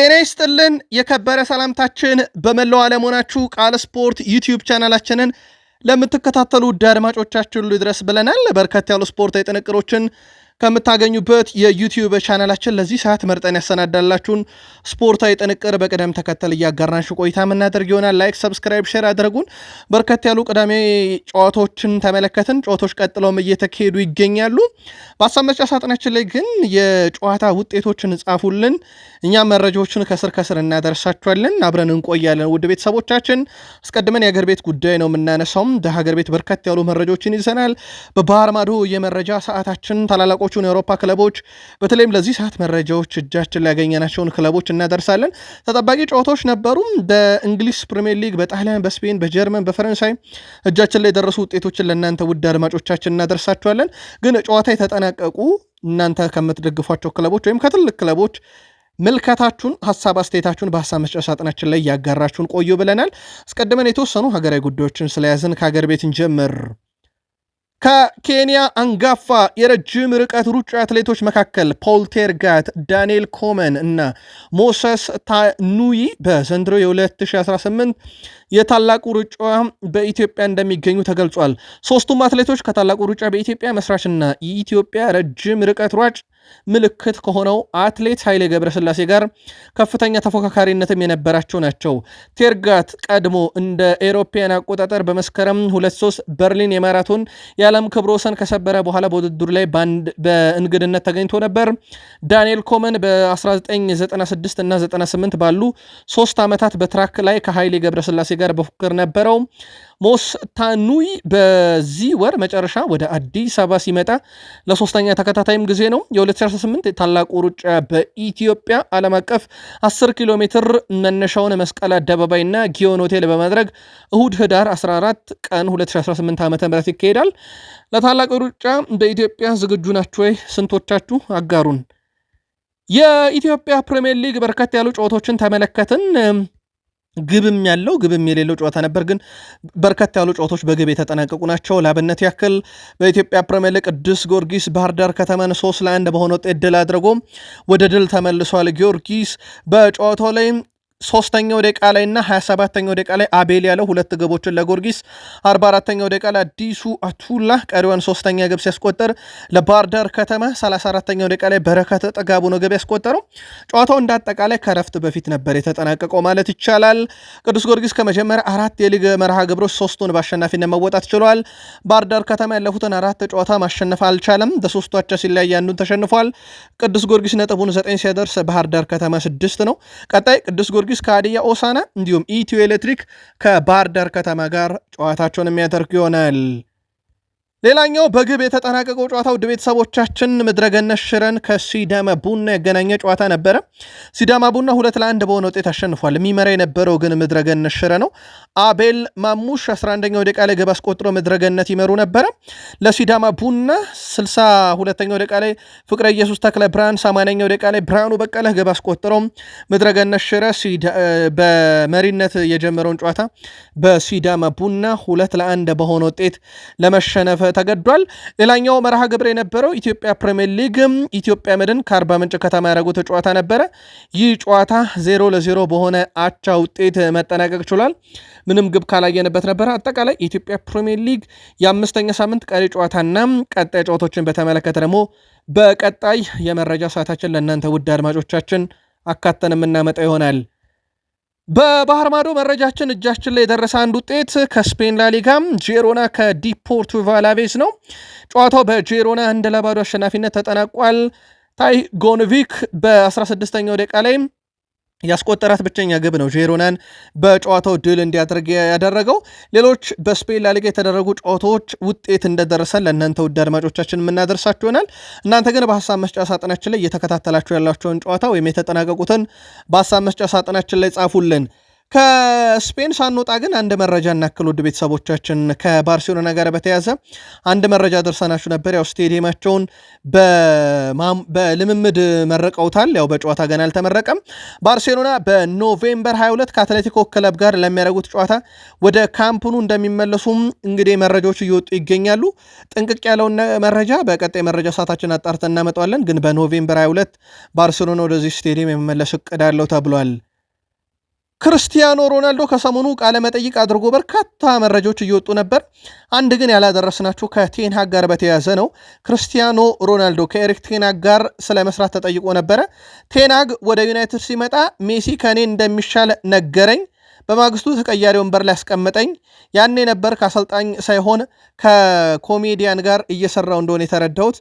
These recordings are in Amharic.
ጤና ይስጥልን የከበረ ሰላምታችን በመላው ዓለም ሆናችሁ ቃል ስፖርት ዩቲዩብ ቻናላችንን ለምትከታተሉ ውድ አድማጮቻችን ሊድረስ ብለናል። በርከት ያሉ ስፖርታዊ ጥንቅሮችን ከምታገኙበት የዩቲዩብ ቻናላችን ለዚህ ሰዓት መርጠን ያሰናዳላችሁን ስፖርታዊ ጥንቅር በቅደም ተከተል እያጋራንሽ ቆይታ የምናደርግ ይሆናል። ላይክ፣ ሰብስክራይብ፣ ሼር አድርጉን። በርከት ያሉ ቅዳሜ ጨዋታዎችን ተመለከትን። ጨዋታዎች ቀጥለውም እየተካሄዱ ይገኛሉ። በሀሳብ መስጫ ሳጥናችን ላይ ግን የጨዋታ ውጤቶችን ጻፉልን፣ እኛም መረጃዎችን ከስር ከስር እናደርሳችኋለን። አብረን እንቆያለን። ውድ ቤተሰቦቻችን አስቀድመን የሀገር ቤት ጉዳይ ነው የምናነሳውም። በሀገር ቤት በርከት ያሉ መረጃዎችን ይዘናል። በባህር ማዶ የመረጃ ሰዓታችን ታላላቆ የትልልቆቹን የአውሮፓ ክለቦች በተለይም ለዚህ ሰዓት መረጃዎች እጃችን ላይ ያገኘናቸውን ክለቦች እናደርሳለን። ተጠባቂ ጨዋታዎች ነበሩም በእንግሊዝ ፕሪሚየር ሊግ፣ በጣሊያን፣ በስፔን፣ በጀርመን፣ በፈረንሳይ እጃችን ላይ የደረሱ ውጤቶችን ለእናንተ ውድ አድማጮቻችን እናደርሳቸዋለን። ግን ጨዋታ የተጠናቀቁ እናንተ ከምትደግፏቸው ክለቦች ወይም ከትልቅ ክለቦች ምልከታችሁን ሀሳብ አስተያየታችሁን በሀሳብ መስጫ ሳጥናችን ላይ ያጋራችሁን ቆዩ ብለናል። አስቀድመን የተወሰኑ ሀገራዊ ጉዳዮችን ስለያዝን ከሀገር ቤት እንጀምር። ከኬንያ አንጋፋ የረጅም ርቀት ሩጫ አትሌቶች መካከል ፖል ቴርጋት፣ ዳንኤል ኮመን እና ሞሰስ ታኑይ በዘንድሮ የ2018 የታላቁ ሩጫ በኢትዮጵያ እንደሚገኙ ተገልጿል። ሶስቱም አትሌቶች ከታላቁ ሩጫ በኢትዮጵያ መስራችና የኢትዮጵያ ረጅም ርቀት ሯጭ ምልክት ከሆነው አትሌት ኃይሌ ገብረስላሴ ጋር ከፍተኛ ተፎካካሪነትም የነበራቸው ናቸው። ቴርጋት ቀድሞ እንደ ኤሮፓያን አቆጣጠር በመስከረም 23 በርሊን የማራቶን የዓለም ክብረ ወሰን ከሰበረ በኋላ በውድድሩ ላይ በእንግድነት ተገኝቶ ነበር። ዳንኤል ኮመን በ1996 እና 98 ባሉ ሶስት ዓመታት በትራክ ላይ ከኃይሌ ገብረስላሴ ጋር በፉክክር ነበረው። ሞስ ታኑይ በዚህ ወር መጨረሻ ወደ አዲስ አበባ ሲመጣ ለሶስተኛ ተከታታይም ጊዜ ነው። 2018 ታላቁ ሩጫ በኢትዮጵያ ዓለም አቀፍ 10 ኪሎ ሜትር መነሻውን መስቀል አደባባይና ጊዮን ሆቴል በማድረግ እሁድ ህዳር 14 ቀን 2018 ዓ ም ይካሄዳል። ለታላቁ ሩጫ በኢትዮጵያ ዝግጁ ናችሁ ወይ? ስንቶቻችሁ አጋሩን። የኢትዮጵያ ፕሪምየር ሊግ በርከት ያሉ ጨዋታዎችን ተመለከትን። ግብም ያለው ግብም የሌለው ጨዋታ ነበር። ግን በርከት ያሉ ጨዋታዎች በግብ የተጠናቀቁ ናቸው። ላብነት ያክል በኢትዮጵያ ፕሪሚየር ሊግ ቅዱስ ጊዮርጊስ ባህር ዳር ከተማን ሶስት ለአንድ በሆነ ውጤት ድል አድርጎ ወደ ድል ተመልሷል። ጊዮርጊስ በጨዋታው ላይ ሶስተኛው ደቂቃ ላይ እና 27ኛው ደቂቃ ላይ አቤል ያለው ሁለት ግቦችን ለጎርጊስ 44ኛው ደቂቃ ላይ አዲሱ አቱላ ቀሪዋን ሶስተኛ ግብ ሲያስቆጠር ለባህርዳር ከተማ 34ኛው ደቂቃ ላይ በረከተ ጥጋቡ ነው ግብ ያስቆጠረው። ጨዋታው እንዳጠቃላይ ከረፍት በፊት ነበር የተጠናቀቀው ማለት ይቻላል። ቅዱስ ጊዮርጊስ ከመጀመሪያ አራት የሊግ መርሃ ግብሮች ሶስቱን በአሸናፊነት መወጣት ችሏል። ባህርዳር ከተማ ያለፉትን አራት ጨዋታ ማሸነፍ አልቻለም። በሶስቱ አቻ ሲለያይ አንዱን ተሸንፏል። ቅዱስ ጊዮርጊስ ነጥቡን ዘጠኝ ሲያደርስ ባህርዳር ከተማ ስድስት ነው። ቀጣይ ቅዱስ ጊዮርጊስ ከሀዲያ ኦሳና እንዲሁም ኢትዮ ኤሌክትሪክ ከባህር ዳር ከተማ ጋር ጨዋታቸውን የሚያደርግ ይሆናል። ሌላኛው በግብ የተጠናቀቀው ጨዋታ ውድ ቤተሰቦቻችን ምድረገነት ሽረን ከሲዳማ ቡና ያገናኘ ጨዋታ ነበረ። ሲዳማ ቡና ሁለት ለአንድ በሆነ ውጤት አሸንፏል። የሚመራ የነበረው ግን ምድረገነት ሽረ ነው። አቤል ማሙሽ 11ኛው ደቂቃ ላይ ግብ አስቆጥሮ ምድረገነት ይመሩ ነበረ። ለሲዳማ ቡና 62ኛው ደቂቃ ላይ ፍቅረ ኢየሱስ ተክለ ብርሃን፣ 80ኛው ደቂቃ ላይ ብርሃኑ በቀለ ግብ አስቆጥረው ምድረገነት ሽረ በመሪነት የጀመረውን ጨዋታ በሲዳማ ቡና ሁለት ለአንድ በሆነ ውጤት ለመሸነፈ ተገዷል። ሌላኛው መርሃ ግብር የነበረው ኢትዮጵያ ፕሪምየር ሊግ ኢትዮጵያ መድን ከአርባ ምንጭ ከተማ ያደረጉት ጨዋታ ነበረ። ይህ ጨዋታ ዜሮ ለዜሮ በሆነ አቻ ውጤት መጠናቀቅ ችሏል። ምንም ግብ ካላየንበት ነበረ። አጠቃላይ የኢትዮጵያ ፕሪምየር ሊግ የአምስተኛ ሳምንት ቀሪ ጨዋታና ቀጣይ ጨዋታዎችን በተመለከተ ደግሞ በቀጣይ የመረጃ ሰዓታችን ለእናንተ ውድ አድማጮቻችን አካተን የምናመጣ ይሆናል። በባህር ማዶ መረጃችን እጃችን ላይ የደረሰ አንድ ውጤት ከስፔን ላሊጋ ጄሮና ከዲፖርቱ አላቬዝ ነው። ጨዋታው በጄሮና አንድ ለባዶ አሸናፊነት ተጠናቋል። ታይ ጎንቪክ በ16ኛው ደቂቃ ላይ ያስቆጠራት ብቸኛ ግብ ነው ጄሮናን በጨዋታው ድል እንዲያደርግ ያደረገው። ሌሎች በስፔን ላሊጋ የተደረጉ ጨዋታዎች ውጤት እንደደረሰን ለእናንተ ውድ አድማጮቻችን የምናደርሳችሁ ይሆናል። እናንተ ግን በሀሳብ መስጫ ሳጥናችን ላይ እየተከታተላችሁ ያላቸውን ጨዋታ ወይም የተጠናቀቁትን በሀሳብ መስጫ ሳጥናችን ላይ ጻፉልን። ከስፔን ሳንወጣ ግን አንድ መረጃ እናክል ውድ ቤተሰቦቻችን። ከባርሴሎና ጋር በተያዘ አንድ መረጃ ደርሰናችሁ ነበር። ያው ስቴዲየማቸውን በልምምድ መረቀውታል። ያው በጨዋታ ገና አልተመረቀም። ባርሴሎና በኖቬምበር 22 ከአትሌቲኮ ክለብ ጋር ለሚያደርጉት ጨዋታ ወደ ካምፕኑ እንደሚመለሱም እንግዲህ መረጃዎች እየወጡ ይገኛሉ። ጥንቅቅ ያለውን መረጃ በቀጣይ መረጃ ሰዓታችን አጣርተን እናመጣዋለን። ግን በኖቬምበር 22 ባርሴሎና ወደዚህ ስቴዲየም የመመለስ እቅድ አለው ተብሏል። ክርስቲያኖ ሮናልዶ ከሰሞኑ ቃለመጠይቅ አድርጎ በርካታ መረጃዎች እየወጡ ነበር። አንድ ግን ያላደረስናችሁ ከቴንሃግ ጋር በተያያዘ ነው። ክርስቲያኖ ሮናልዶ ከኤሪክ ቴንሃግ ጋር ስለ መስራት ተጠይቆ ነበረ። ቴንሃግ ወደ ዩናይትድ ሲመጣ ሜሲ ከእኔ እንደሚሻል ነገረኝ። በማግስቱ ተቀያሪ ወንበር ላይ ያስቀመጠኝ ያኔ ነበር። ከአሰልጣኝ ሳይሆን ከኮሜዲያን ጋር እየሰራው እንደሆነ የተረዳሁት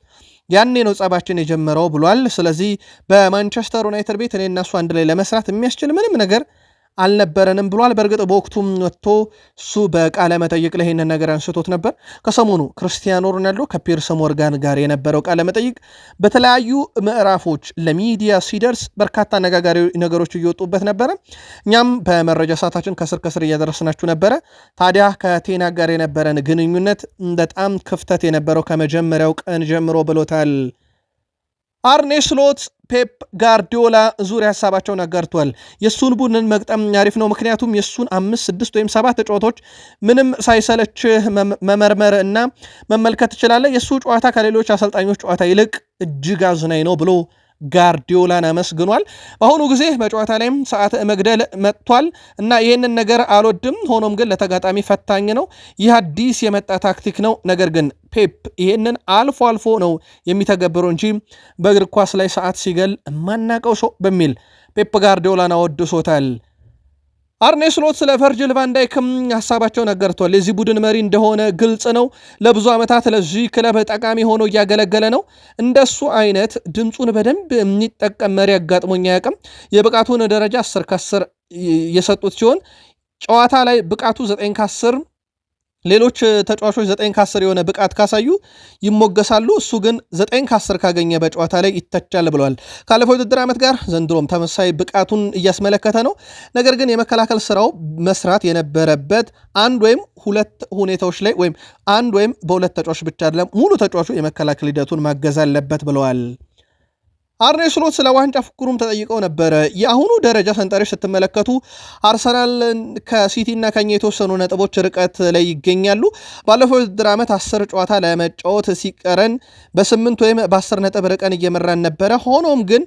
ያኔ ነው ጸባችን የጀመረው ብሏል። ስለዚህ በማንቸስተር ዩናይትድ ቤት እኔ እናሱ አንድ ላይ ለመስራት የሚያስችል ምንም ነገር አልነበረንም ብሏል። በእርግጥ በወቅቱም ወጥቶ እሱ በቃለ መጠይቅ ላይ ይህንን ነገር አንስቶት ነበር። ከሰሞኑ ክርስቲያኖ ሮናልዶ ከፒርስ ሞርጋን ጋር የነበረው ቃለ መጠይቅ በተለያዩ ምዕራፎች ለሚዲያ ሲደርስ በርካታ አነጋጋሪ ነገሮች እየወጡበት ነበረ። እኛም በመረጃ ሰዓታችን ከስር ከስር እያደረስናችሁ ነበረ። ታዲያ ከቴና ጋር የነበረን ግንኙነት በጣም ክፍተት የነበረው ከመጀመሪያው ቀን ጀምሮ ብሎታል። አርኔ ስሎት ፔፕ ጋርዲዮላ ዙሪያ ሀሳባቸውን አጋርቷል። የእሱን ቡድን መግጠም አሪፍ ነው፣ ምክንያቱም የእሱን አምስት ስድስት ወይም ሰባት ጨዋታዎች ምንም ሳይሰለች መመርመር እና መመልከት ትችላለህ። የእሱ ጨዋታ ከሌሎች አሰልጣኞች ጨዋታ ይልቅ እጅግ አዝናኝ ነው ብሎ ጋርዲዮላን አመስግኗል። በአሁኑ ጊዜ በጨዋታ ላይም ሰዓት መግደል መጥቷል እና ይህንን ነገር አልወድም። ሆኖም ግን ለተጋጣሚ ፈታኝ ነው። ይህ አዲስ የመጣ ታክቲክ ነው። ነገር ግን ፔፕ ይህንን አልፎ አልፎ ነው የሚተገብረው እንጂ በእግር ኳስ ላይ ሰዓት ሲገል ማናቀው ሰው በሚል ፔፕ ጋርዲዮላን አወድሶታል። አርኔ ስሎት ስለ ቨርጅል ቫንዳይክም ሀሳባቸውን ነገርቷል። የዚህ ቡድን መሪ እንደሆነ ግልጽ ነው። ለብዙ ዓመታት ለዚህ ክለብ ጠቃሚ ሆኖ እያገለገለ ነው። እንደሱ አይነት ድምፁን በደንብ የሚጠቀም መሪ አጋጥሞኝ አያውቅም። የብቃቱን ደረጃ 10 ከ10 የሰጡት ሲሆን ጨዋታ ላይ ብቃቱ 9 ከ10 ሌሎች ተጫዋቾች ዘጠኝ ከአስር የሆነ ብቃት ካሳዩ ይሞገሳሉ። እሱ ግን ዘጠኝ ከአስር ካገኘ በጨዋታ ላይ ይተቻል ብለዋል። ካለፈው ውድድር ዓመት ጋር ዘንድሮም ተመሳይ ብቃቱን እያስመለከተ ነው። ነገር ግን የመከላከል ስራው መስራት የነበረበት አንድ ወይም ሁለት ሁኔታዎች ላይ ወይም አንድ ወይም በሁለት ተጫዋች ብቻ አይደለም ሙሉ ተጫዋቹ የመከላከል ሂደቱን ማገዝ አለበት ብለዋል። አርኔ ስሎት ስለ ዋንጫ ፉክሩም ተጠይቀው ነበረ። የአሁኑ ደረጃ ሰንጠረዥ ስትመለከቱ አርሰናል ከሲቲና ከኛ የተወሰኑ ነጥቦች ርቀት ላይ ይገኛሉ። ባለፈው ውድድር ዓመት አስር ጨዋታ ለመጫወት ሲቀረን በስምንት ወይም በአስር ነጥብ ርቀን እየመራን ነበረ። ሆኖም ግን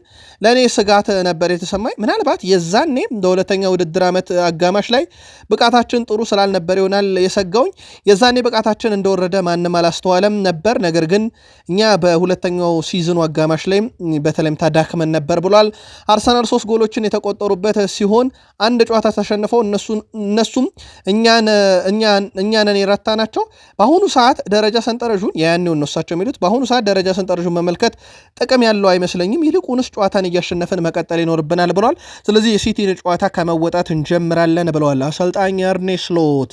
ለእኔ ስጋት ነበር የተሰማኝ። ምናልባት የዛኔ በሁለተኛ ውድድር ዓመት አጋማሽ ላይ ብቃታችን ጥሩ ስላልነበር ይሆናል የሰጋውኝ። የዛኔ ብቃታችን እንደወረደ ማንም አላስተዋለም ነበር። ነገር ግን እኛ በሁለተኛው ሲዝኑ አጋማሽ ላይ በተለይም ታዳክመን ነበር ብሏል። አርሰናል ሶስት ጎሎችን የተቆጠሩበት ሲሆን አንድ ጨዋታ ተሸንፈው እነሱም እኛንን የረታ ናቸው። በአሁኑ ሰዓት ደረጃ ሰንጠረዡን የያኔው እነሳቸው የሚሉት በአሁኑ ሰዓት ደረጃ ሰንጠረዡን መመልከት ጥቅም ያለው አይመስለኝም። ይልቁንስ ጨዋታን እያሸነፍን መቀጠል ይኖርብናል ብሏል። ስለዚህ የሲቲን ጨዋታ ከመወጣት እንጀምራለን ብለዋል አሰልጣኝ አርኔ ስሎት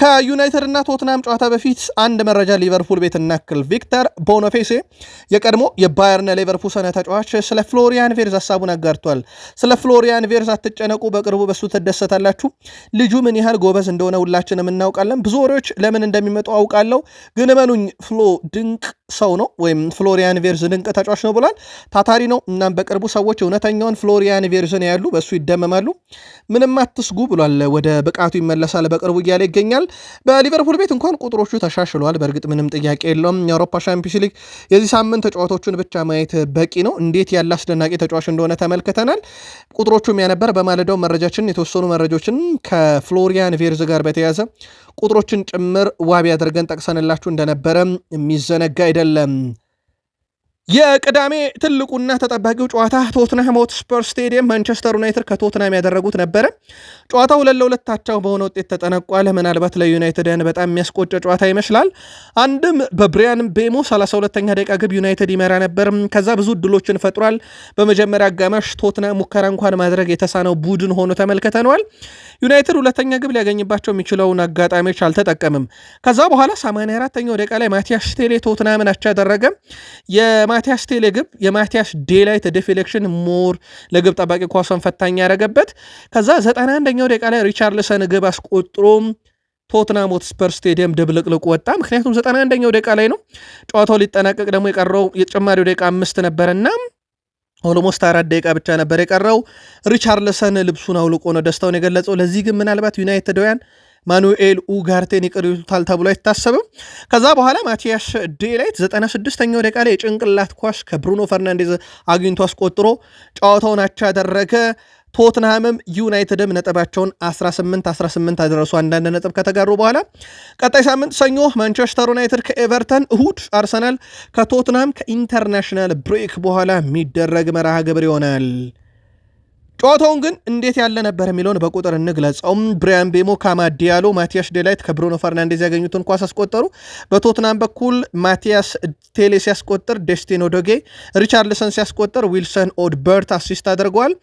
ከዩናይትድ ና ቶትናም ጨዋታ በፊት አንድ መረጃ ሊቨርፑል ቤት እናክል። ቪክተር ቦኖፌሴ የቀድሞ የባየርን ሌቨርኩሰን ተጫዋች ስለ ፍሎሪያን ቬርዝ ሀሳቡን አጋርቷል። ስለ ፍሎሪያን ቬርዝ አትጨነቁ፣ በቅርቡ በሱ ትደሰታላችሁ። ልጁ ምን ያህል ጎበዝ እንደሆነ ሁላችንም እናውቃለን። ብዙ ወሬዎች ለምን እንደሚመጡ አውቃለሁ፣ ግን እመኑኝ ፍሎ ድንቅ ሰው ነው ወይም ፍሎሪያን ቬርዝ ድንቅ ተጫዋች ነው ብሏል። ታታሪ ነው። እናም በቅርቡ ሰዎች እውነተኛውን ፍሎሪያን ቬርዝን ያሉ በእሱ ይደመማሉ። ምንም አትስጉ ብሏል። ወደ ብቃቱ ይመለሳል በቅርቡ እያለ ይገኛል። በሊቨርፑል ቤት እንኳን ቁጥሮቹ ተሻሽለዋል። በእርግጥ ምንም ጥያቄ የለውም። የአውሮፓ ሻምፒዮንስ ሊግ የዚህ ሳምንት ተጫዋቾቹን ብቻ ማየት በቂ ነው። እንዴት ያለ አስደናቂ ተጫዋች እንደሆነ ተመልክተናል። ቁጥሮቹም ያነበር በማለዳው መረጃችን የተወሰኑ መረጃዎችን ከፍሎሪያን ቬርዝ ጋር በተያያዘ ቁጥሮችን ጭምር ዋቢ አድርገን ጠቅሰንላችሁ እንደነበረ የሚዘነጋ አይደለም። የቅዳሜ ትልቁና ተጠባቂው ጨዋታ ቶትንሃም ሆትስፐር ስቴዲየም ማንቸስተር ዩናይትድ ከቶትንሃም ያደረጉት ነበረ። ጨዋታው ሁለት ለሁለት በሆነ ውጤት ተጠናቋል። ምናልባት ለዩናይትድን በጣም የሚያስቆጨ ጨዋታ ይመስላል። አንድም በብሪያን ቤሞ 32ኛ ደቂቃ ግብ ዩናይትድ ይመራ ነበር። ከዛ ብዙ እድሎችን ፈጥሯል። በመጀመሪያ አጋማሽ ቶትናም ሙከራ እንኳን ማድረግ የተሳነው ቡድን ሆኖ ተመልክተነዋል። ዩናይትድ ሁለተኛ ግብ ሊያገኝባቸው የሚችለውን አጋጣሚዎች አልተጠቀምም። ከዛ በኋላ 84 ተኛው ደቂቃ ላይ ማቲያስ ቴሌ ቶትናምን አቻ ያደረገ። የማቲያስ ቴሌ ግብ የማቲያስ ዴላይት ዲፍሌክሽን ሞር ለግብ ጠባቂ ኳሷን ፈታኝ ያደረገበት። ከዛ 91ኛው ደቂቃ ላይ ሪቻርልሰን ግብ አስቆጥሮም ቶትናም ሆትስፐር ስቴዲየም ድብልቅልቅ ወጣ። ምክንያቱም 91ኛው ደቂቃ ላይ ነው ጨዋታው ሊጠናቀቅ ደግሞ የቀረው የተጨማሪው ደቂቃ አምስት ነበረና ኦሎሞስት አራት ደቂቃ ብቻ ነበር የቀረው። ሪቻርልሰን ልብሱን አውልቆ ነው ደስታውን የገለጸው። ለዚህ ግን ምናልባት ዩናይትዳውያን ማኑኤል ኡጋርቴን ይቅር ተብሎ አይታሰብም። ከዛ በኋላ ማቲያስ ዴላይት 96ኛው ደቂቃ ላይ የጭንቅላት ኳስ ከብሩኖ ፈርናንዴዝ አግኝቶ አስቆጥሮ ጨዋታውን አቻ ያደረገ። ቶትንሃምም ዩናይትድም ነጥባቸውን 18 18 አደረሱ። አንዳንድ ነጥብ ከተጋሩ በኋላ ቀጣይ ሳምንት ሰኞ ማንቸስተር ዩናይትድ ከኤቨርተን፣ እሁድ አርሰናል ከቶትንሃም ከኢንተርናሽናል ብሬክ በኋላ የሚደረግ መርሃ ግብር ይሆናል። ጨዋታውን ግን እንዴት ያለ ነበር የሚለውን በቁጥር እንግለጸውም። ብሪያን ቤሞ፣ ካማ ዲያሎ፣ ማቲያስ ዴላይት ከብሩኖ ፈርናንዴዝ ያገኙትን ኳስ አስቆጠሩ። በቶትናም በኩል ማቲያስ ቴሌ ሲያስቆጥር፣ ዴስቲኖ ዶጌ ሪቻርልሰን ሲያስቆጥር፣ ዊልሰን ኦድበርት አሲስት አድርገዋል።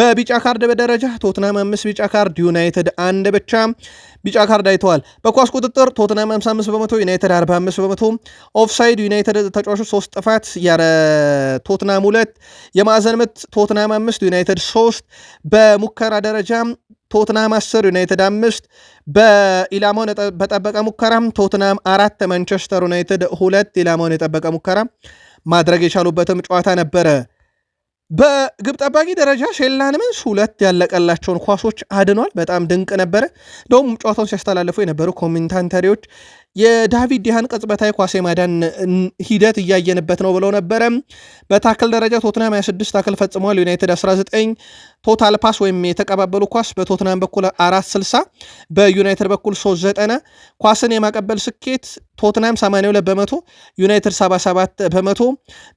በቢጫ ካርድ በደረጃ ቶትናም አምስት ቢጫ ካርድ፣ ዩናይትድ አንድ ብቻ ቢጫ ካርድ አይተዋል። በኳስ ቁጥጥር ቶትናም 55 በመቶ፣ ዩናይትድ 45 በመቶ። ኦፍሳይድ ዩናይትድ ተጫዋቾች 3 ጥፋት ያረ ቶትናም 2። የማዕዘን ምት ቶትናም 5 ዩናይትድ 3። በሙከራ ደረጃ ቶትናም 10 ዩናይትድ 5። በኢላማውን በጠበቀ ሙከራ ቶትናም 4 ማንቸስተር ዩናይትድ 2 ኢላማውን የጠበቀ ሙከራ ማድረግ የቻሉበትም ጨዋታ ነበረ። በግብ ጠባቂ ደረጃ ሼላንምንስ ሁለት ያለቀላቸውን ኳሶች አድኗል። በጣም ድንቅ ነበረ። እንደውም ጨዋታውን ሲያስተላልፉ የነበሩ ኮሜንታንተሪዎች የዳቪድ ዲሃን ቅጽበታዊ ኳስ የማዳን ሂደት እያየንበት ነው ብለው ነበረ። በታክል ደረጃ ቶትናም 26 ታክል ፈጽመዋል። ዩናይትድ 19 ቶታል ፓስ ወይም የተቀባበሉ ኳስ በቶትናም በኩል 460 በዩናይትድ በኩል ዘጠና ኳስን የማቀበል ስኬት ቶትናም 82 በመቶ ዩናይትድ 77 በመቶ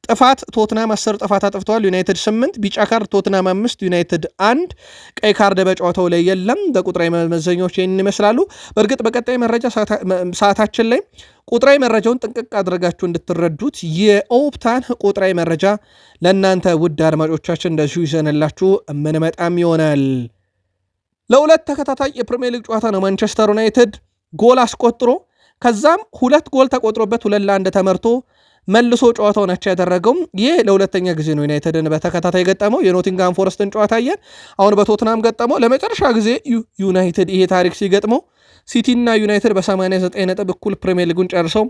ጥፋት ቶትናም 10 ጥፋት አጥፍተዋል ዩናይትድ 8 ቢጫ ካርድ ቶትናም 5 ዩናይትድ 1 ቀይ ካርድ በጨዋታው ላይ የለም በቁጥራዊ መመዘኛዎች ይህን ይመስላሉ በእርግጥ በቀጣይ መረጃ ሰዓታችን ላይ ቁጥራዊ መረጃውን ጥንቅቅ አድርጋችሁ እንድትረዱት የኦፕታን ቁጥራዊ መረጃ ለእናንተ ውድ አድማጮቻችን እንደዚሁ ይዘንላችሁ ምንመጣም ይሆናል። ለሁለት ተከታታይ የፕሪምየር ሊግ ጨዋታ ነው ማንቸስተር ዩናይትድ ጎል አስቆጥሮ ከዛም ሁለት ጎል ተቆጥሮበት ሁለት ለአንድ ተመርቶ መልሶ ጨዋታውን አቻ ያደረገውም ይህ ለሁለተኛ ጊዜ ነው ዩናይትድን በተከታታይ ገጠመው። የኖቲንግሃም ፎረስትን ጨዋታ አየን፣ አሁን በቶትናም ገጠመው። ለመጨረሻ ጊዜ ዩናይትድ ይሄ ታሪክ ሲገጥመው ሲቲና ዩናይትድ በ89 ነጥብ እኩል ፕሪምየር ሊጉን ጨርሰው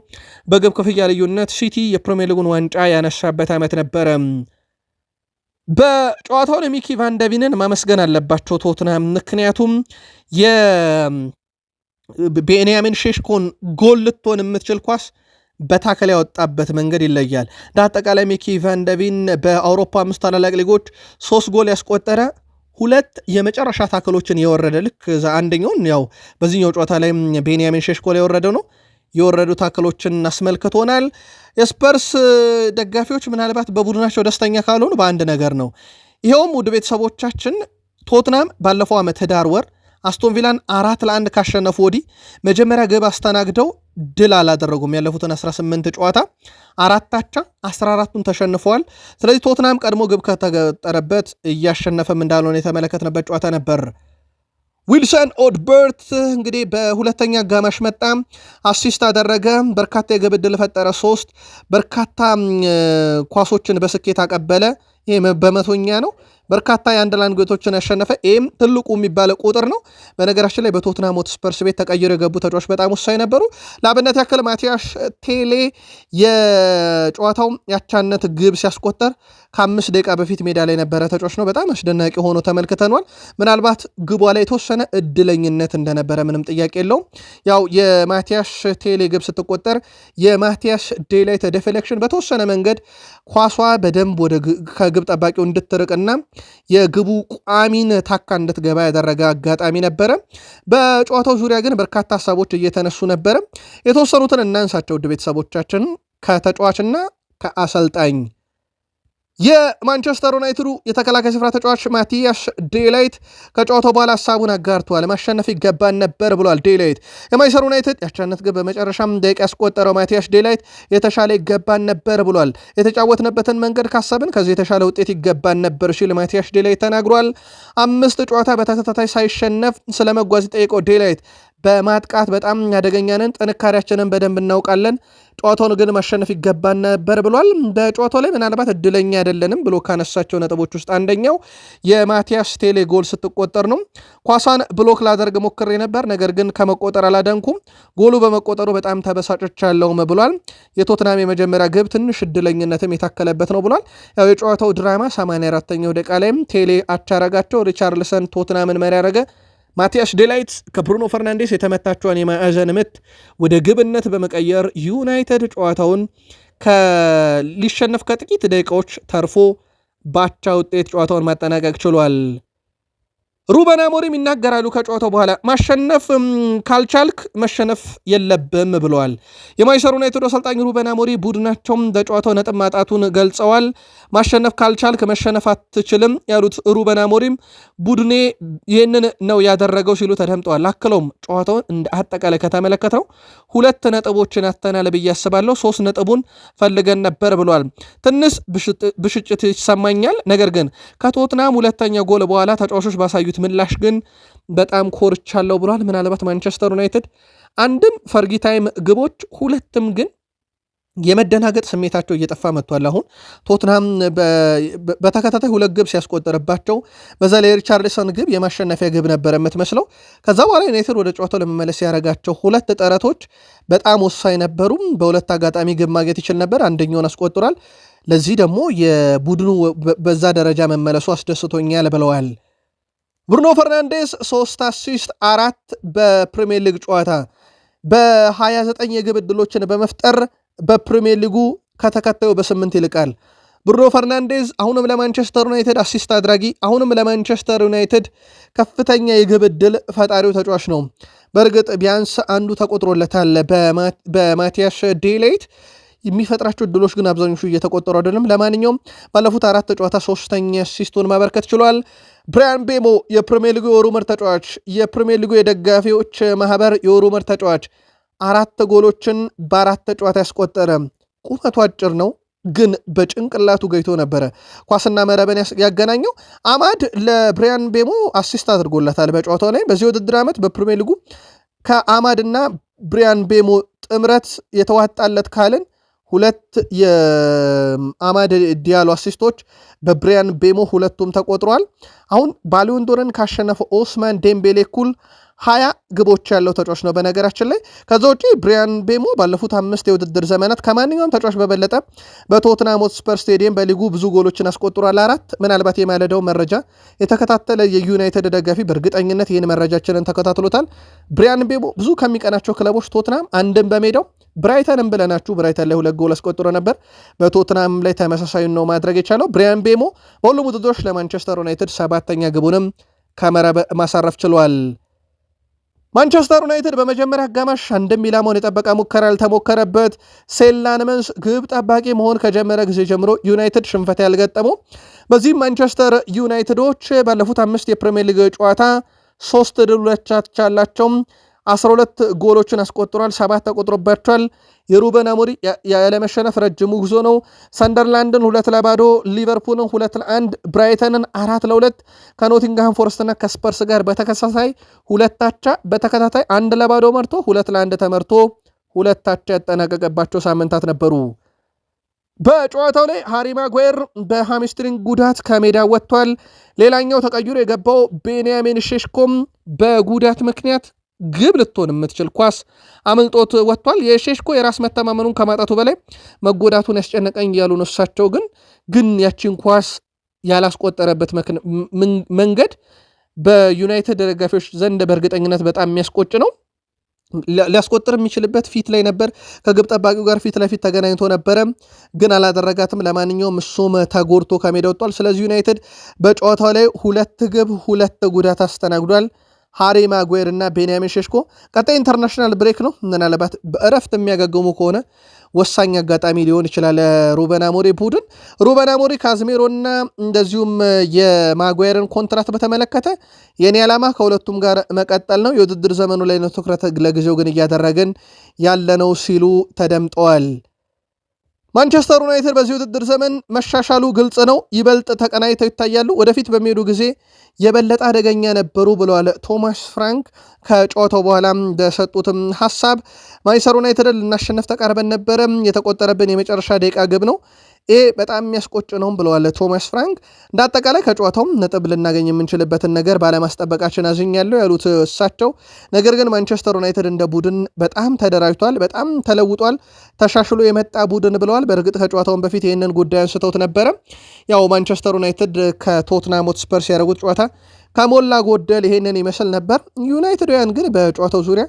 በግብ ክፍያ ልዩነት ሲቲ የፕሪምየር ሊጉን ዋንጫ ያነሳበት ዓመት ነበረ። በጨዋታውን የሚኪ ቫንደቪንን ማመስገን አለባቸው ቶትናም ምክንያቱም የቤንያሚን ሼሽኮን ጎል ልትሆን የምትችል ኳስ በታከል ያወጣበት መንገድ ይለያል። እንደ አጠቃላይ ሚኪ ቫንደቪን በአውሮፓ አምስት ታላላቅ ሊጎች ሶስት ጎል ያስቆጠረ ሁለት የመጨረሻ ታክሎችን የወረደ ልክ አንደኛውን ያው በዚህኛው ጨዋታ ላይ ቤንያሚን ሸሽኮል የወረደው ነው የወረዱ ታክሎችን አስመልክቶናል። የስፐርስ ደጋፊዎች ምናልባት በቡድናቸው ደስተኛ ካልሆኑ በአንድ ነገር ነው። ይኸውም ውድ ቤተሰቦቻችን ቶትናም ባለፈው ዓመት ህዳር ወር አስቶንቪላን አራት ለአንድ ካሸነፉ ወዲህ መጀመሪያ ግብ አስተናግደው ድል አላደረጉም። ያለፉትን 18 ጨዋታ አራታቻ 14ቱን ተሸንፈዋል። ስለዚህ ቶትናም ቀድሞ ግብ ከተገጠረበት እያሸነፈም እንዳልሆነ የተመለከትንበት ጨዋታ ነበር። ዊልሰን ኦድበርት እንግዲህ በሁለተኛ አጋማሽ መጣ፣ አሲስት አደረገ፣ በርካታ የግብ ዕድል ፈጠረ፣ ሶስት በርካታ ኳሶችን በስኬት አቀበለ። ይህ በመቶኛ ነው። በርካታ የአንድ ለአንድ ያሸነፈ ይህም ትልቁ የሚባለ ቁጥር ነው። በነገራችን ላይ በቶትናም ሆትስፐርስ ቤት ተቀይሮ የገቡ ተጫዋች በጣም ወሳኝ ነበሩ። ለአብነት ያክል ማቲያሽ ቴሌ የጨዋታው ያቻነት ግብ ሲያስቆጠር ከአምስት ደቂቃ በፊት ሜዳ ላይ የነበረ ተጫዋች ነው። በጣም አስደናቂ ሆኖ ተመልክተኗል። ምናልባት ግቧ ላይ የተወሰነ እድለኝነት እንደነበረ ምንም ጥያቄ የለውም። ያው የማቲያሽ ቴሌ ግብ ስትቆጠር የማቲያስ ዴላይት ዴፍሌክሽን በተወሰነ መንገድ ኳሷ በደንብ ወደ ከግብ ጠባቂው እንድትርቅና የግቡ ቋሚን ታካ እንድትገባ ያደረገ አጋጣሚ ነበረ። በጨዋታው ዙሪያ ግን በርካታ ሀሳቦች እየተነሱ ነበረ። የተወሰኑትን እናንሳቸው ውድ ቤተሰቦቻችን ከተጫዋችና ከአሰልጣኝ የማንቸስተር ዩናይትዱ የተከላካይ ስፍራ ተጫዋች ማቲያስ ዴላይት ከጨዋታው በኋላ ሀሳቡን አጋርተዋል። ማሸነፍ ይገባን ነበር ብሏል። ዴላይት የማንቸስተር ዩናይትድ ያሸነፍ ግብ በመጨረሻም ደቂቃ ያስቆጠረው ማቲያስ ዴላይት የተሻለ ይገባን ነበር ብሏል። የተጫወትንበትን መንገድ ካሰብን ከዚህ የተሻለ ውጤት ይገባን ነበር ሲል ማቲያስ ዴላይት ተናግሯል። አምስት ጨዋታ በተከታታይ ሳይሸነፍ ስለመጓዝ ጠይቆ ዴላይት በማጥቃት በጣም አደገኛ ነን፣ ጥንካሬያችንን በደንብ እናውቃለን ጨዋታውን ግን ማሸነፍ ይገባ ነበር ብሏል። በጨዋታው ላይ ምናልባት እድለኛ አይደለንም ብሎ ካነሳቸው ነጥቦች ውስጥ አንደኛው የማቲያስ ቴሌ ጎል ስትቆጠር ነው። ኳሷን ብሎክ ላደርግ ሞክሬ ነበር፣ ነገር ግን ከመቆጠር አላደንኩም። ጎሉ በመቆጠሩ በጣም ተበሳጭቻለሁም ብሏል። የቶትናም የመጀመሪያ ግብ ትንሽ እድለኝነትም የታከለበት ነው ብሏል። ያው የጨዋታው ድራማ 84ኛው ደቂቃ ላይም ቴሌ አቻረጋቸው ሪቻርልሰን ቶትናምን መሪ ያደረገ ማቲያስ ዴላይት ከብሩኖ ፈርናንዴስ የተመታቸውን የማዕዘን ምት ወደ ግብነት በመቀየር ዩናይትድ ጨዋታውን ሊሸነፍ ከጥቂት ደቂቃዎች ተርፎ ባቻ ውጤት ጨዋታውን ማጠናቀቅ ችሏል። ሩበን አሞሪም ይናገራሉ ከጨዋታው በኋላ ማሸነፍ ካልቻልክ መሸነፍ የለብም ብለዋል። የማንቸስተር ዩናይትድ አሰልጣኝ ሩበን አሞሪ ቡድናቸውም በጨዋታው ነጥብ ማጣቱን ገልጸዋል። ማሸነፍ ካልቻልክ መሸነፍ አትችልም ያሉት ሩበን አሞሪም ቡድኔ ይህንን ነው ያደረገው ሲሉ ተደምጠዋል። አክለውም ጨዋታውን እንደ አጠቃላይ ከተመለከትነው ሁለት ነጥቦችን አተናል ብዬ አስባለሁ። ሶስት ነጥቡን ፈልገን ነበር ብለዋል። ትንሽ ብሽጭት ይሰማኛል፣ ነገር ግን ከቶትናም ሁለተኛ ጎል በኋላ ተጫዋቾች ባሳዩ ባሳዩት ምላሽ ግን በጣም ኮርቻለሁ ብሏል። ምናልባት ማንቸስተር ዩናይትድ አንድም ፈርጊ ታይም ግቦች፣ ሁለትም ግን የመደናገጥ ስሜታቸው እየጠፋ መጥቷል። አሁን ቶትንሃም በተከታታይ ሁለት ግብ ሲያስቆጠርባቸው በዛ ላይ ሪቻርሊሰን ግብ የማሸነፊያ ግብ ነበር የምትመስለው። ከዛ በኋላ ዩናይትድ ወደ ጨዋታው ለመመለስ ያደረጋቸው ሁለት ጥረቶች በጣም ወሳኝ ነበሩም። በሁለት አጋጣሚ ግብ ማግኘት ይችል ነበር፣ አንደኛውን አስቆጥሯል። ለዚህ ደግሞ የቡድኑ በዛ ደረጃ መመለሱ አስደስቶኛል ብለዋል ብሩኖ ፈርናንዴስ ሶስት አሲስት አራት በፕሪሚየር ሊግ ጨዋታ በ29 የግብ ዕድሎችን በመፍጠር በፕሪሚየር ሊጉ ከተከታዩ በስምንት ይልቃል። ብሩኖ ፈርናንዴዝ አሁንም ለማንቸስተር ዩናይትድ አሲስት አድራጊ፣ አሁንም ለማንቸስተር ዩናይትድ ከፍተኛ የግብ ዕድል ፈጣሪው ተጫዋች ነው። በእርግጥ ቢያንስ አንዱ ተቆጥሮለታል በማቲያስ ዴሌይት የሚፈጥራቸው እድሎች ግን አብዛኞቹ እየተቆጠሩ አይደለም። ለማንኛውም ባለፉት አራት ተጫዋታ ሶስተኛ ሲስቱን ማበርከት ችሏል። ብራያን ቤሞ የፕሪሚየር ሊጉ የወሩ ምርጥ ተጫዋች፣ የፕሪሚየር ሊጉ የደጋፊዎች ማህበር የወሩ ምርጥ ተጫዋች፣ አራት ጎሎችን በአራት ተጫዋታ ያስቆጠረ ቁመቱ አጭር ነው ግን በጭንቅላቱ ገይቶ ነበረ። ኳስና መረብን ያገናኘው አማድ ለብሪያን ቤሞ አሲስት አድርጎለታል። በጨዋታው ላይ በዚህ ውድድር ዓመት በፕሪሚየር ሊጉ ከአማድና ብሪያን ቤሞ ጥምረት የተዋጣለት ካልን ሁለት የአማድ ዲያሎ አሲስቶች በብሪያን ቤሞ ሁለቱም ተቆጥሯል። አሁን ባሊዮንዶርን ካሸነፈ ኦስማን ዴምቤሌ እኩል ሀያ ግቦች ያለው ተጫዋች ነው። በነገራችን ላይ ከዛ ውጪ ብሪያን ቤሞ ባለፉት አምስት የውድድር ዘመናት ከማንኛውም ተጫዋች በበለጠ በቶትናም ሆትስፐር ስቴዲየም በሊጉ ብዙ ጎሎችን አስቆጥሯል፣ አራት። ምናልባት የማለዳው መረጃ የተከታተለ የዩናይትድ ደጋፊ በእርግጠኝነት ይህን መረጃችንን ተከታትሎታል። ብሪያን ቤሞ ብዙ ከሚቀናቸው ክለቦች ቶትናም አንድም በሜዳው ብራይተንም ብለናችሁ ብራይተን ላይ ሁለት ጎል አስቆጥሮ ነበር። በቶትናም ላይ ተመሳሳዩ ነው ማድረግ የቻለው ብሪያን ቤሞ። በሁሉም ውድድሮች ለማንቸስተር ዩናይትድ ሰባተኛ ግቡንም ከመረብ ማሳረፍ ችሏል። ማንቸስተር ዩናይትድ በመጀመሪያ አጋማሽ አንድም ኢላማውን የጠበቀ ሙከራ ያልተሞከረበት ሴላንመንስ ግብ ጠባቂ መሆን ከጀመረ ጊዜ ጀምሮ ዩናይትድ ሽንፈት ያልገጠመው። በዚህም ማንቸስተር ዩናይትዶች ባለፉት አምስት የፕሪምየር ሊግ ጨዋታ ሶስት ድሎች 12 ጎሎችን አስቆጥሯል። ሰባት ተቆጥሮባቸዋል። የሩበን አሞሪ ያለመሸነፍ ረጅሙ ጉዞ ነው። ሰንደርላንድን ሁለት ለባዶ፣ ሊቨርፑልን ሁለት ለአንድ፣ ብራይተንን አራት ለሁለት ከኖቲንግሃም ፎረስትና ከስፐርስ ጋር በተከሳሳይ ሁለታቻ በተከታታይ አንድ ለባዶ መርቶ ሁለት ለአንድ ተመርቶ ሁለታቻ ያጠናቀቀባቸው ሳምንታት ነበሩ። በጨዋታው ላይ ሃሪ ማጓየር በሃምስትሪንግ ጉዳት ከሜዳ ወጥቷል። ሌላኛው ተቀይሮ የገባው ቤንያሚን ሼሽኮም በጉዳት ምክንያት ግብ ልትሆን የምትችል ኳስ አምልጦት ወጥቷል። የሼሽኮ የራስ መተማመኑን ከማጣቱ በላይ መጎዳቱን ያስጨነቀኝ ያሉ ነው። እሳቸው ግን ግን ያቺን ኳስ ያላስቆጠረበት መንገድ በዩናይትድ ደጋፊዎች ዘንድ በእርግጠኝነት በጣም የሚያስቆጭ ነው። ሊያስቆጥር የሚችልበት ፊት ላይ ነበር። ከግብ ጠባቂው ጋር ፊት ለፊት ተገናኝቶ ነበረ፣ ግን አላደረጋትም። ለማንኛውም እሱም ተጎድቶ ከሜዳ ወጥቷል። ስለዚህ ዩናይትድ በጨዋታው ላይ ሁለት ግብ ሁለት ጉዳት አስተናግዷል። ሃሪ ማጉዌር እና ቤንያሚን ሸሽኮ ቀጣይ ኢንተርናሽናል ብሬክ ነው። ምናልባት በእረፍት የሚያገግሙ ከሆነ ወሳኝ አጋጣሚ ሊሆን ይችላል። ሩበን አሞሪ ቡድን ሩበን አሞሪ ካዝሜሮ ካዝሜሮና እንደዚሁም የማጓየርን ኮንትራት በተመለከተ የኔ ዓላማ ከሁለቱም ጋር መቀጠል ነው። የውድድር ዘመኑ ላይ ነው ትኩረት ለጊዜው ግን እያደረግን ያለነው ሲሉ ተደምጠዋል። ማንቸስተር ዩናይትድ በዚህ ውድድር ዘመን መሻሻሉ ግልጽ ነው። ይበልጥ ተቀናይተው ይታያሉ። ወደፊት በሚሄዱ ጊዜ የበለጠ አደገኛ ነበሩ ብለዋል ቶማስ ፍራንክ። ከጨዋታው በኋላ በሰጡትም ሀሳብ ማንቸስተር ዩናይትድን ልናሸነፍ ተቃርበን ነበረ። የተቆጠረብን የመጨረሻ ደቂቃ ግብ ነው። ይሄ በጣም የሚያስቆጭ ነው ብለዋል ቶማስ ፍራንክ። እንዳጠቃላይ ከጨዋታውም ነጥብ ልናገኝ የምንችልበትን ነገር ባለማስጠበቃችን አዝኛለሁ ያሉት እሳቸው፣ ነገር ግን ማንቸስተር ዩናይትድ እንደ ቡድን በጣም ተደራጅቷል፣ በጣም ተለውጧል፣ ተሻሽሎ የመጣ ቡድን ብለዋል። በእርግጥ ከጨዋታውን በፊት ይህንን ጉዳይ አንስተውት ነበረ። ያው ማንቸስተር ዩናይትድ ከቶትናም ሆትስፐርስ ያደረጉት ጨዋታ ከሞላ ጎደል ይሄንን ይመስል ነበር። ዩናይትዳውያን ግን በጨዋታው ዙሪያ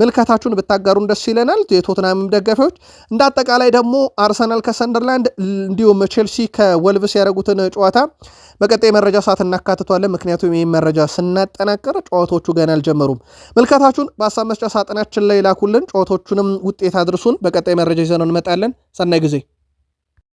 ምልከታችሁን ብታጋሩን ደስ ይለናል። የቶትናምም ደጋፊዎች እንደ አጠቃላይ ደግሞ አርሰናል ከሰንደርላንድ እንዲሁም ቼልሲ ከወልቭስ ያደረጉትን ጨዋታ በቀጣይ መረጃ ሰዓት እናካትቷለን። ምክንያቱም ይህም መረጃ ስናጠናቅር ጨዋታዎቹ ገና አልጀመሩም። ምልከታችሁን በሀሳብ መስጫ ሳጥናችን ላይ ላኩልን። ጨዋታዎቹንም ውጤት አድርሱን። በቀጣይ መረጃ ይዘነው እንመጣለን። ሰናይ ጊዜ